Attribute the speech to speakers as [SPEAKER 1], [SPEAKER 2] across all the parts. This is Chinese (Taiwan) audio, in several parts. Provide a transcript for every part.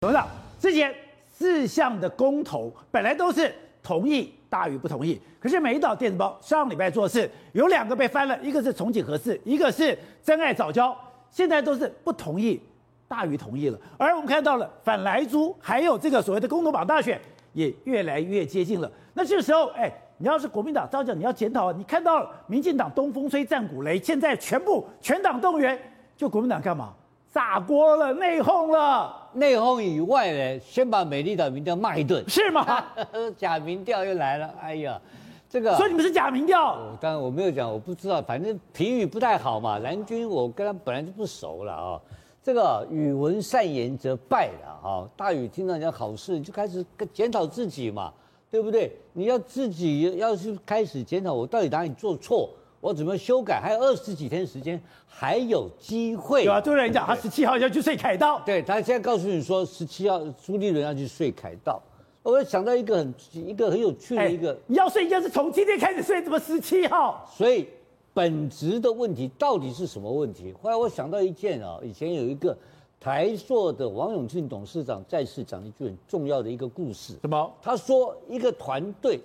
[SPEAKER 1] 董事長，之前四項的公投本來都是同意大於不同意，可是每一道電子報上禮拜做事，有兩個被翻了，一個是重啟核四，一個是珍愛藻礁，現在都是不同意大於同意了。而我們看到了反萊豬，還有這個所謂的公投綁大選也越來越接近了。那這個時候，哎，你要是國民黨，照講你要檢討，你看到了民進黨東風吹戰鼓擂，現在全部
[SPEAKER 2] 全黨動員，就國民黨幹嘛？炸鍋了，內訌了。內訌以外呢，先把美麗的民調罵一頓，是嗎？啊、假民調又來了，哎呀，這個。所以你們是假民調哦？當然我沒有講，我不知道，反正評語不太好嘛。藍軍我跟他本來就不熟了啊哦。這個語文善言則敗了啊哦。大宇聽到講好事，就開始檢討自己嘛，對不對？你要自己要去開始檢討，我到底哪裡做錯？我怎麼修改？還有二十幾天時間，還有機會。對啊，朱立、啊、你講，他十七號要去睡凱道。對他現在告訴你說，十七號朱立倫要去睡凱道。我想到一個很一個很有趣的一個，哎、你要睡應該是從今天開始睡，怎麼十七號？所以本質的問題到底是什麼問題？後來我想到一件啊、哦，以前有一個台塑的王永慶董事長再次講一句很重要的一個故事。什麼？他說一個團隊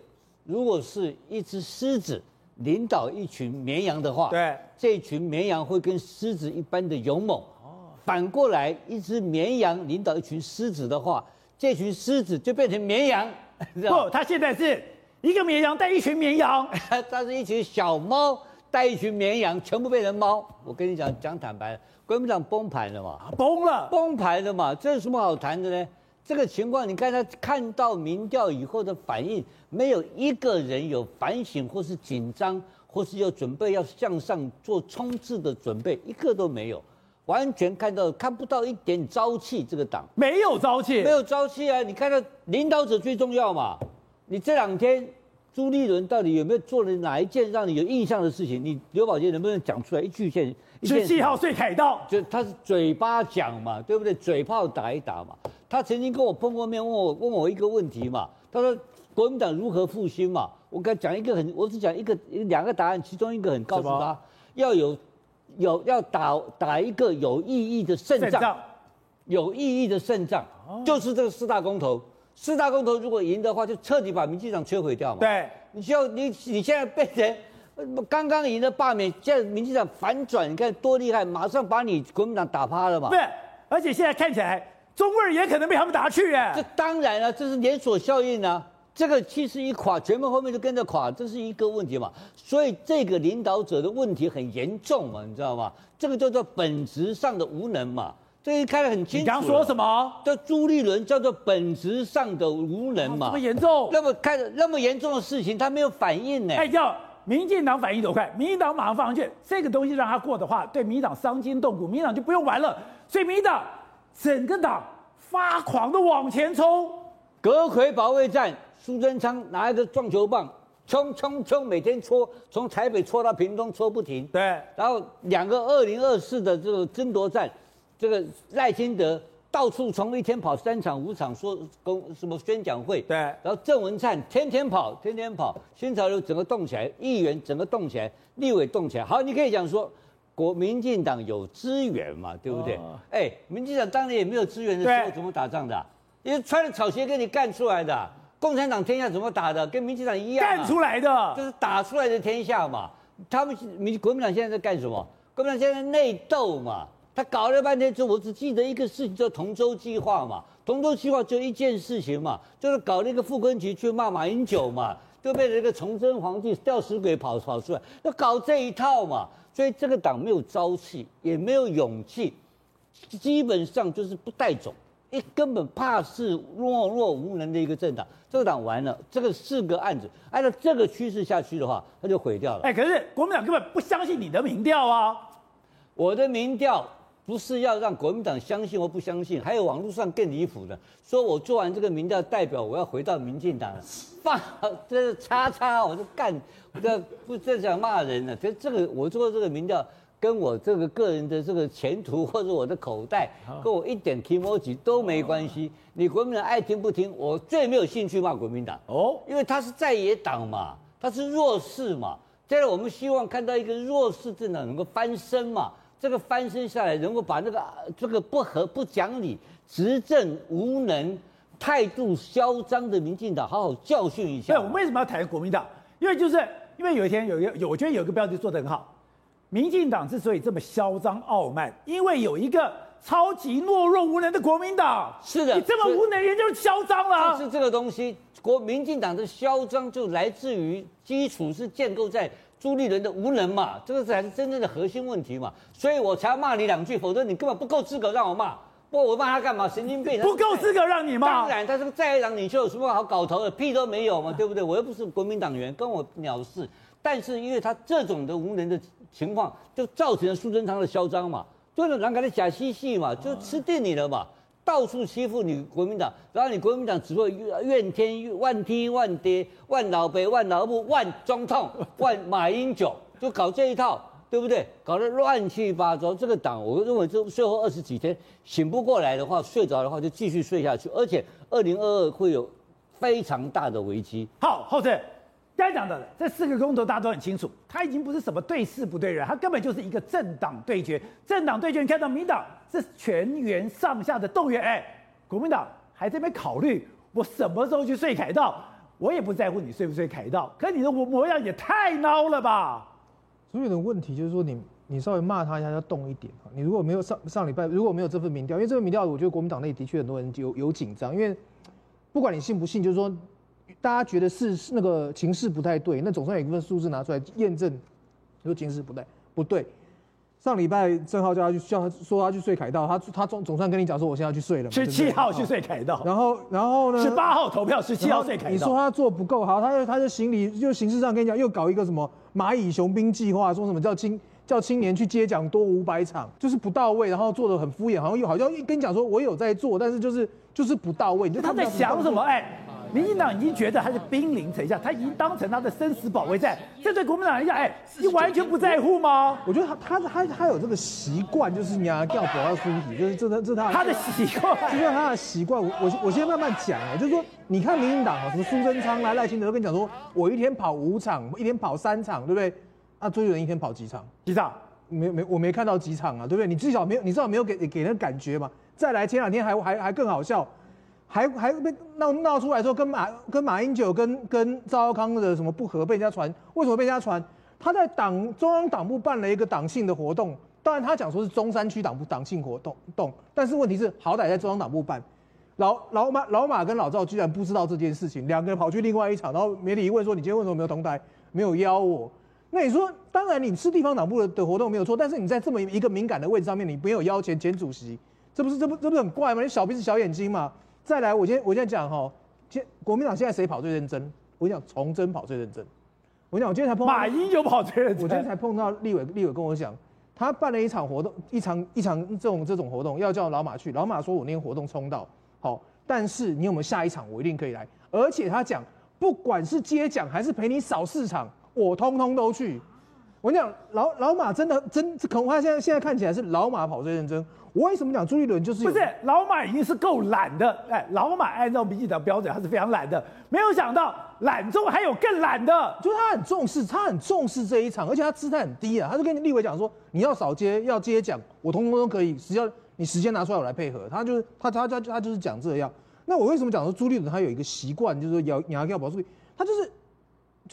[SPEAKER 2] 如果是一隻獅子。領導一群綿羊的話，對，這群綿羊會跟獅子一般的勇猛。哦，反過來，一隻綿羊領導一群獅子的話，這群獅子就變成綿羊。不，他現在是一個綿羊帶一群綿羊，它是一群小貓帶一群綿羊，全部變成貓。我跟你講，講坦白了，國民黨崩盤了嘛，啊？崩了，崩盤了嘛？這有什麼好談的呢？這個情況，你看他看到民調以後的反應，沒有一個人有反省，或是緊張，或是有準備要向上做衝刺的準備，一個都沒有，完全看到看不到一點朝氣。這個黨沒有朝氣，沒有朝氣啊！你看到領導者最重要嘛？你這兩天朱立倫到底有沒有做了哪一件讓你有印象的事情？你劉寶傑能不能講出來一句？件？碎記號，碎凱道。就他是嘴巴講嘛，對不對？嘴炮打一打嘛。他曾經跟我碰過面，問我問我一個問題嘛。他說：“國民黨如何復興嘛？”我跟他講一個很，我只講一個兩個答案，其中一個很告訴他，要有有要打打一個有意義的勝仗，有意義的勝仗、哦、就是這個四大公投。四大公投如果贏的話，就徹底把民進黨摧毀掉嘛。對，你需要你你現在被人剛剛贏的罷免，現在民進黨反轉，你看多厲害，馬上把你國民黨打趴了嘛。對。而且現在看起來。中二也可能被他們打去耶、欸！這當然了，這是連鎖效應啊。這個氣勢一垮，全部後面就跟着垮，這是一個問題嘛。所以這個領導者的問題很嚴重嘛，你知道嗎？這個叫做本質上的無能嘛。這一看得很清楚。你剛說什麼？叫朱立倫叫做本質上的無能嘛？那麼嚴重？那麼看那麼嚴重的事情，
[SPEAKER 1] 他沒有反應呢、欸哎？叫民進黨反應多快？民進黨馬上放上去。這個東西讓他過的話，對民進黨傷筋動骨，民進黨就不用玩了。所以民進黨。整個黨發
[SPEAKER 2] 狂的往前衝，閣揆保衛戰，蘇貞昌拿一個撞球棒，衝衝衝，每天戳，從台北戳到屏東戳不停。對，然後兩個二零二四的這個爭奪戰，這個賴清德到處從一天跑三場五場，說公什麼宣講會。對，然後鄭文燦天天跑，天天跑，新潮流整個動起來，議員整個動起來，立委動起來。好，你可以講說。國民進黨有資源嘛，對不對？哎、哦欸，民進黨當年也沒有資源的時候，怎麼打仗的？因為穿了草鞋跟你幹出來的。共產黨天下怎麼打的？跟民進黨一樣幹、啊、出來的，就是打出來的天下嘛。他們民國民黨現在在幹什麼？國民黨現在內鬥嘛。他搞了半天之後，我只記得一個事情叫“同舟計劃”嘛，“同舟計劃”就一件事情嘛，就是搞了一個傅崑萁去罵馬英九嘛。 就被這個崇禎皇帝吊死鬼跑跑出來，要搞這一套嘛？所以這個黨沒有朝氣，也沒有勇氣，基本上就是不帶走，一根本怕是懦弱無能的一個政黨。這個黨完了，這個四個案子按照這個趨勢下去的話，它就毀掉了。哎、欸，可是國民黨根本不相信你的民調啊，我的民調。不是要讓國民黨相信或不相信，還有網絡上更離譜的，說我做完這個民調代表，我要回到民進黨，放這、就是、叉叉，我就幹，這不再想罵人了。所以這個我做這個民調，跟我這個個人的這個前途或者我的口袋，跟我一點 kimochi 都沒關係、哦啊。你國民黨愛聽不聽，我最沒有興趣罵國民黨哦，因為他是在野黨嘛，他是弱勢嘛。現在我們希望看到一個弱勢政黨能夠翻身嘛。這個翻身下來，能夠把那個這個不合、不講理、執政無能、態度囂張的民進黨好好教訓一下。對，我為什麼要抬國民
[SPEAKER 1] 黨？因為就是因為有一天有一個，我覺得有一個標題做得很好。民進黨之所以這麼囂張傲慢，因為有一個超級懦弱無能的國民黨。是的，你這麼無
[SPEAKER 2] 能，你就是囂張了啊。但是，就是這個東西，國民進黨的囂張就來自於基礎是建構在。朱立倫的無能嘛，這個才是真正的核心問題嘛，所以我才要罵你兩句，否則你根本不夠資格讓我罵。不過，我罵他幹嘛？神經病！不夠資格讓你罵。當然，他這個在野黨領袖，有什麼好搞頭的？屁都沒有嘛，對不對？我又不是國民黨員，跟我鳥事。但是，因為他這種的無能的情況，就造成了蘇貞昌的囂張嘛，就是人開的假嬉戲嘛，就吃定你了嘛。到處欺負你國民黨，然後你國民黨只會怨天怨地怨爹怨老北怨老母怨總統怨馬英九，就搞這一套，對不對？搞得亂七八糟。這個黨，我認為這最後二十幾天醒不過來的話，睡着的話就繼續睡下去。而且二零二二會有非常大的危機。好，後者。
[SPEAKER 1] 剛才講的這四個公投，大家都很清楚。他已經不是什麼對事不對人，他根本就是一個政黨對決。政黨對決，你看到民黨是全員上下的動員，哎、欸，國民黨還這邊考慮我什麼時候去睡凱道，我也不在乎你睡不睡凱道，可你的模模樣也
[SPEAKER 3] 太孬了吧？所以的問題就是說你，你你稍微罵他一下要動一點，你如果沒有上上禮拜，如果沒有這份民調，因為這份民調，我覺得國民黨內的確很多人有有緊張，因為不管你信不信，就是說。大家覺得是那個情勢不太對，那總算有一份數字拿出來驗證，就說情勢不太不對。上禮拜正皓叫他去叫他說他去睡凱道，他他總總算跟你講說我現在要去睡了嘛。十七號去睡凱道。然後然後呢，十八號投票，十七號睡凱道。你說他做不夠好，他他的行李就形式上跟你講又搞一個什麼螞蟻雄兵計劃，說什麼叫青叫青年去接獎多五百場，就是不到位，然後做的很敷衍，好像又好像一跟你講說我有在做，但是就是就是不到位，你說他在想什麼？哎、欸。民進黨已經覺得他是兵臨城下，他已經當成他的生死保衛戰。這對國民黨來講，哎、欸，你完全不在乎嗎？我覺得他、他、他、他有這個習慣，就是你要吊薄他的身體，就是、這、就是、就他、的習慣，就是他的習慣。我、就是、我、我先慢慢講啊。就是說，你看民進黨，什麼蘇貞昌啊，賴清德都跟你講說，我一天跑五場，一天跑三場，對不對？那朱立倫一天跑幾場？幾場？沒、沒，我沒看到幾場啊，對不對？你至少沒有，你至少沒有給給人感覺嘛。再來，前兩天還、還、還更好笑。還還被鬧鬧出來，說跟馬跟馬英九跟跟趙少康的什麼不和，被人家傳。為什麼被人家傳？他在黨中央黨部辦了一個黨慶的活動，當然他講說是中山區黨部黨慶活動，懂？但是問題是，好歹在中央黨部辦，老老馬老馬跟老趙居然不知道這件事情，兩個人跑去另外一場，然後媒體一問說：“你今天為什麼沒有同台，沒有邀我？”那你說，當然你吃地方黨部的活動沒有錯，但是你在這麼一個敏感的位置上面，你沒有邀前前主席，這不是這不這不是很怪嗎？你小鼻子小眼睛嘛。再來我先，我今天我今天講哈，現國民黨現在誰跑最認真？我講崇禎跑最認真。我講我今天才碰到馬英九跑最認真。我今天才碰到立委，立委跟我講，他辦了一場活動，一場一場這種這種活動要叫老馬去。老馬說我那個活動衝到好，但是你有沒有下一場？我一定可以來。而且他講，不管是接獎還是陪你掃市場，我通通都去。我跟你講，老老馬真的真恐怕現在現在看起來是老馬跑最認真。我為什麼講朱立倫就是不是
[SPEAKER 1] 老馬已經是夠懶的？
[SPEAKER 3] 哎，老馬按照比記的標準，他是非常懶的。沒有想到懶中還有更懶的，就是他很重視，他很重視這一場，而且他姿態很低啊。他就跟你立委講說，你要少接，要接講，我通通都可以。只要你時間拿出來，我來配合。他就是他他他他就是講這樣。那我為什麼講說朱立倫他有一個習慣，就是說要你要要跑助他就是。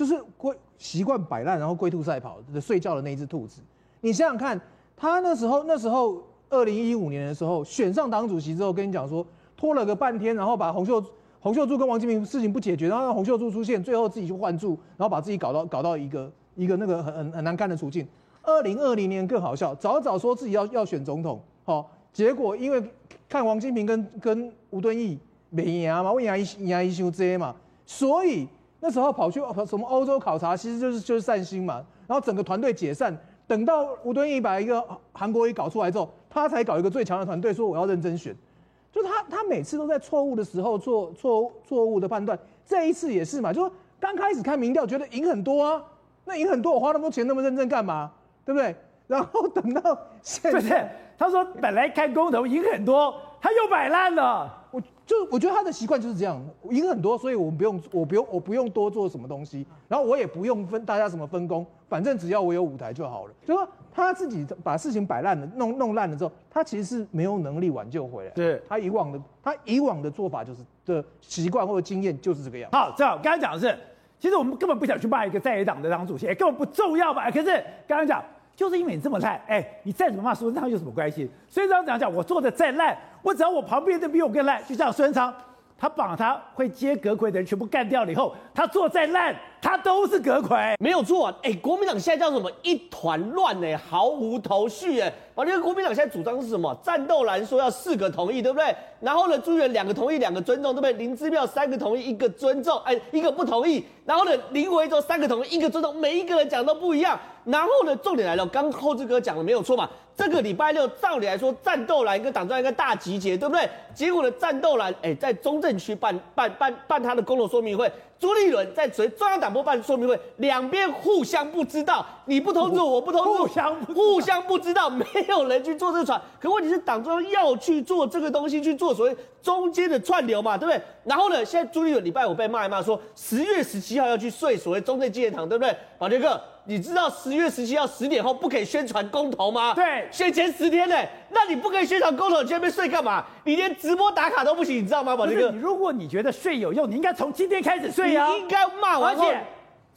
[SPEAKER 3] 就是會習慣擺爛，然後龜兔賽跑的睡覺的那一只兔子。你想想看，他那時候那時候二零一五年的時候選上黨主席之後，跟你講說拖了個半天，然後把洪秀洪秀柱跟王金平事情不解決，然後讓洪秀柱出現，最後自己去換柱，然後把自己搞到搞到一個一個那個很很很難看的處境。二零二零年更好笑，早早說自己要要選總統，好，結果因為看王金平跟跟吳敦義沒贏嘛，我贏一贏一輸多嘛，所以。那時候跑去什麼歐洲考察，其實就是就是散心嘛。然後整個團隊解散，等到吳敦義把一個韓國瑜搞出來之後，他才搞一個最強的團隊，說我要認真選。就他他每次都在錯誤的時候做錯錯誤的判斷，這一次也是嘛。就剛開始看民調覺得贏很多啊，那贏很多我花那麼多錢那麼認真幹嘛？對不對？然後等到現在，他說本來開公投贏很多，他又擺爛了。我就我覺得他的習慣就是這樣，贏很多，所以我們不用，我不用，我不用多做什麼東西，然後我也不用分大家什麼分工，反正只要我有舞台就好了。就說他自己把事情擺爛了，弄弄爛了之後，他其實是沒有能力挽救回來。對他以往的，他以往的做法就是的習慣或者經驗就是這個樣。好，這樣剛剛講的是，其實我們根本不想去
[SPEAKER 1] 罵一個在野黨的黨主席，根本不重要吧？可是剛剛講。就是因為你這麼爛，哎、欸，你再怎麼罵蘇貞昌有什麼關係？蘇貞昌怎講講，我做的再爛，我只要我旁邊的比我更爛，就像蘇貞昌，他把他會接閣揆的人全部幹掉了以後，他做再爛。他都是格魁，沒有錯哎、啊欸。國民黨現在叫什麼？一團亂呢，毫無頭緒哎、
[SPEAKER 4] 欸。反、啊、正國民黨現在主張是什麼？戰鬥藍說要四個同意，對不對？然後呢，朱元兩個同意，兩個尊重，對不對？林姿妙三個同意，一個尊重，哎、欸，一個不同意。然後呢，林為洲三個同意，一個尊重，每一個人講都不一樣。然後呢，重點來了，剛厚之哥講的沒有錯嘛？這個禮拜六照理來說，戰鬥藍跟黨專一個大集結，對不對？結果呢，戰鬥藍哎，在中正區辦辦辦辦,辦他的公投說明會。朱立倫在隨中央黨部辦說明會，兩邊互相不知道，你不通知我，我，我不通知， 互相不知道，沒有人去做這個船。可問題是，黨中央要去做這個東西，去做所謂中間的串流嘛，對不對？然後呢，現在朱立倫禮，禮拜五被罵一罵說，說十月十七號要去睡所謂中正紀念堂，對不對？寶傑哥。你知道十月十七號十點後不可以宣傳公投嗎？對，選前十天呢、欸，那你不可以宣傳公投，你在那邊睡幹嘛？你連直播打卡都不行，你知道嗎，
[SPEAKER 1] 寶傑哥？那個，你如果你覺得睡有用，你應該從今天開始睡啊。你應該罵完後，後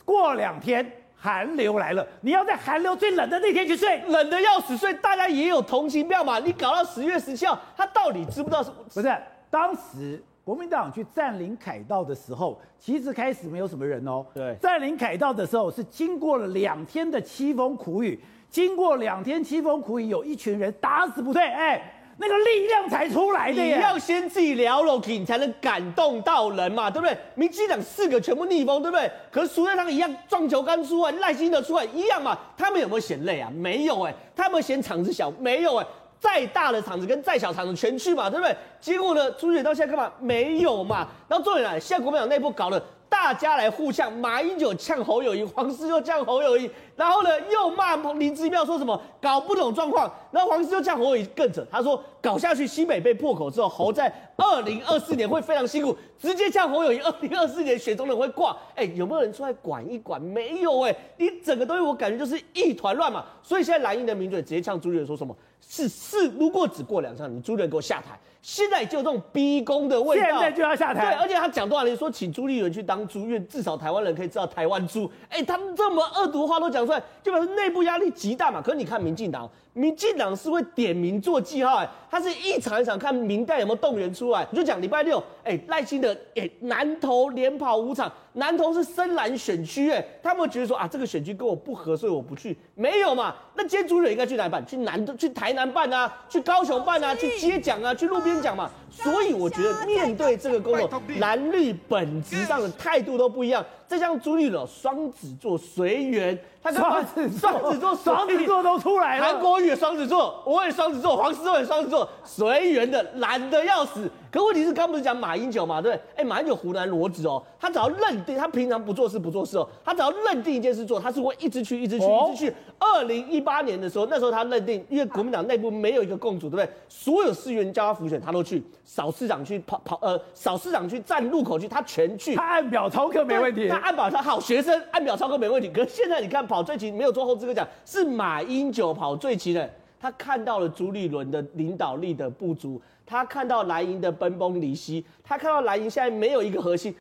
[SPEAKER 1] 過兩天寒流來了，你要在寒流最冷的那天去睡，冷的要死睡，睡大家也有同情票嘛。你搞到十月十七號，他到底知不知道是？不是，當時。國民黨去佔領凱道的時候，其實開始沒有什麼人哦、喔。對，佔領凱道的時候是經過了兩天的淒風苦雨，經過兩天淒風苦雨，有一群人打死不退，哎、欸，那個力量才出來的。你要先自己聊了，你
[SPEAKER 4] 才能感動到人嘛，對不對？民進黨四個全部逆風，對不對？可是蘇貞昌一樣撞球桿出來，耐心的出來一樣嘛。他們有沒有嫌累啊？沒有哎、欸。他們嫌場子小？沒有哎、欸。再大的場子跟再小場子全去嘛，對不對？結果呢，朱姐到現在幹嘛？沒有嘛。然後重點來了，現在國民黨內部搞了，大家來互嗆，馬英九嗆侯友宜，黃士修嗆侯友宜，然後呢又罵林志妙說什麼搞不懂狀況。然後黃士修嗆侯友宜更扯，他說。搞下去，西北被破口之後，侯在二零二四年會非常辛苦，直接嗆侯友宜，二零二四年選總統會掛。哎、欸，有沒有人出來管一管？沒有哎、欸，你整個東西我感覺就是一團亂嘛。所以現在藍營的名嘴直接嗆朱立倫說什麼？是是，如果只過兩場，你朱立倫給我下台。現在就有這種逼宮的味道，現在就要下台。對，而且他講多少年說請朱立倫去當朱院，至少台灣人可以知道台灣豬。哎、欸，他們這麼惡毒的話都講出來，就表示內部壓力極大嘛。可是你看民進黨，民進黨是會點名做記號哎、欸。他是一場一場看，民代有沒有動員出來。你就講禮拜六，哎、欸，賴清德，哎、欸，南投連跑五場。南投是深藍選區，哎，他們覺得說啊，這個選區跟我不合，所以我不去。沒有嘛？那今天朱立倫應該去哪裡辦？去南、去台南辦啊，去高雄辦啊，去街講啊，去路邊講嘛。所以我覺得面對這個工作，藍綠本質上的態度都不一樣。這張朱立倫，雙子座隨緣，雙子、雙子座、雙子座都出來了。韓國瑜的雙子座，我也雙子座，黃世聰也雙子座，隨緣的，懶得要死。可問題是剛不是講馬英九嘛，對不對？誒、欸、馬英九湖南騾子哦，他只要認定他平常不做事不做事哦，他只要認定一件事做，他是會一直去一直去一直去。二、哦、零一八年的時候，那時候他認定，因為國民黨內部沒有一個共主，對不對？啊、所有市議員叫他輔選，他都去掃市長去跑跑呃掃市長去站路口去，他全去。他按表操課沒問題，他按表他好學生按表操課沒問題。可是現在你看跑最勤沒有做後資格講是馬英九跑最勤的，他看到了朱立倫的領導力的不足。他看到藍營的分崩離析，他看到藍營現在沒有一個核心。